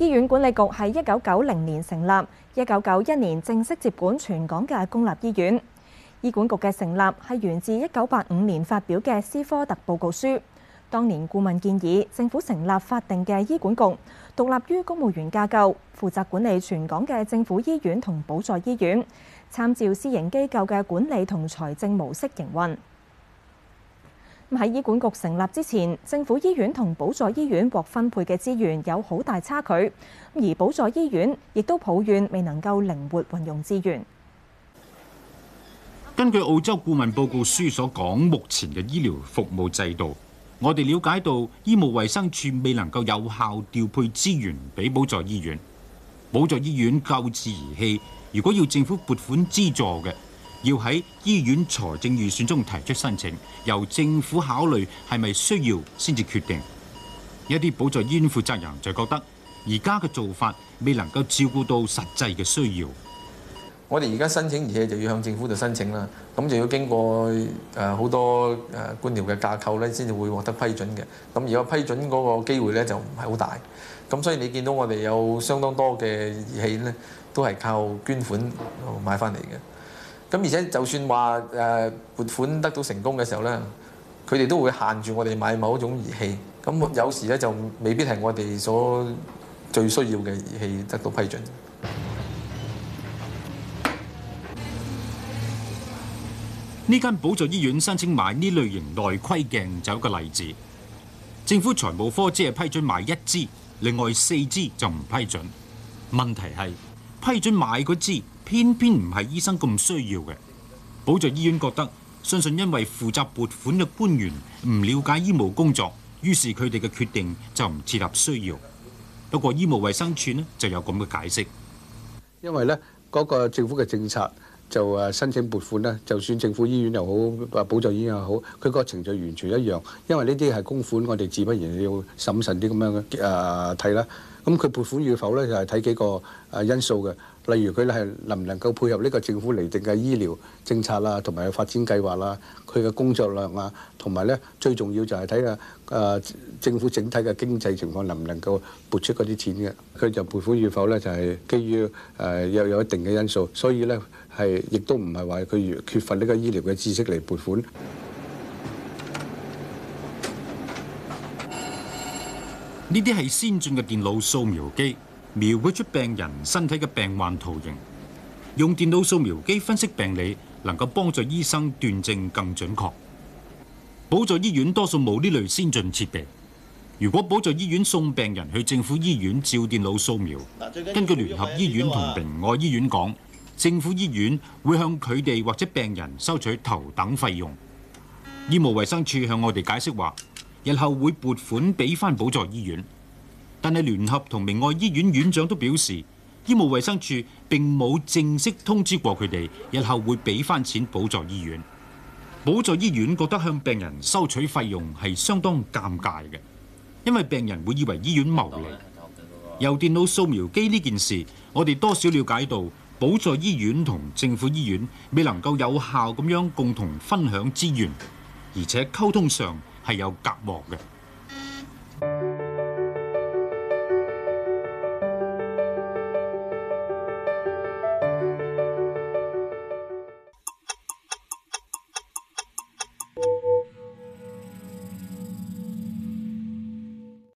醫院管理局喺一九九零年成立，一九九一年正式接管全港嘅公立醫院。醫管局嘅成立係源自一九八五年發表嘅斯科特報告書，當年顧問建議政府成立法定嘅醫管局，獨立於公務員架構，負責管理全港嘅政府醫院同補助醫院，參照私營機構嘅管理同財政模式營運。喺醫管局成立之前，政府醫院同補助醫院獲分配嘅資源有好大差距，而補助醫院亦都抱怨未能夠靈活運用資源。根據澳洲顧問報告書所講，目前嘅醫療服務制度，我哋了解到醫務衛生署未能夠有效調配資源俾補助醫院。補助醫院購置儀器如果要政府撥款資助嘅。要喺醫院財政預算中提出申請，由政府考慮係咪需要先至決定。一啲補助醫院負責人就覺得而家嘅做法未能夠照顧到實際嘅需要。我哋而家申請儀器就要向政府度申請啦，咁就要經過誒好多誒官僚嘅架構咧，先至會獲得批准嘅。咁而家批准嗰個機會咧就唔係好大，咁所以你見到我哋有相當多嘅儀器咧，都係靠捐款買翻嚟嘅。咁而且就算話誒撥款得到成功嘅時候咧，佢哋都會限住我哋買某一種儀器。咁有時咧就未必係我哋所最需要嘅儀器得到批准。呢間補助醫院申請買呢類型內窺鏡就一個例子。政府財務科只係批准買一支，另外四支就唔批准。問題係。批准買嗰支，偏偏唔係醫生咁需要嘅。補助醫院覺得，相信因為負責撥款嘅官員唔了解醫務工作，於是佢哋嘅決定就唔切合需要。不過醫務衛生署呢就有咁嘅解釋，因為呢嗰個政府嘅政策。就誒申請撥款咧，就算政府醫院又好，誒補助醫院又好，佢個程序就完全一樣，因為呢啲係公款，我哋自不然要審慎啲咁樣誒睇啦。咁佢撥款與否咧，就係睇幾個誒因素嘅。例如佢係能唔能夠配合呢個政府釐定嘅醫療政策啦，同埋嘅發展計劃啦，佢嘅工作量啊，同埋咧最重要就係睇下誒政府整體嘅經濟情況能唔能夠撥出嗰啲錢嘅。佢就撥款與否咧，就係基於誒有、呃、有一定嘅因素，所以咧。係，亦都唔係話佢缺乏呢個醫療嘅知識嚟撥款。呢啲係先進嘅電腦掃描機，描繪出病人身體嘅病患圖形，用電腦掃描機分析病理，能夠幫助醫生斷症更準確。補助醫院多數冇呢類先進設備。如果補助醫院送病人去政府醫院照電腦掃描，根據聯合醫院同明愛醫院講。政府醫院會向佢哋或者病人收取頭等費用。醫務衛生處向我哋解釋話，日後會撥款俾翻補助醫院。但係聯合同明愛醫院院長都表示，醫務衛生處並冇正式通知過佢哋，日後會俾翻錢補助醫院。補助醫院覺得向病人收取費用係相當尷尬嘅，因為病人會以為醫院牟利。由電腦掃描機呢件事，我哋多少瞭解到。補助醫院同政府醫院未能夠有效咁樣共同分享資源，而且溝通上係有隔膜嘅。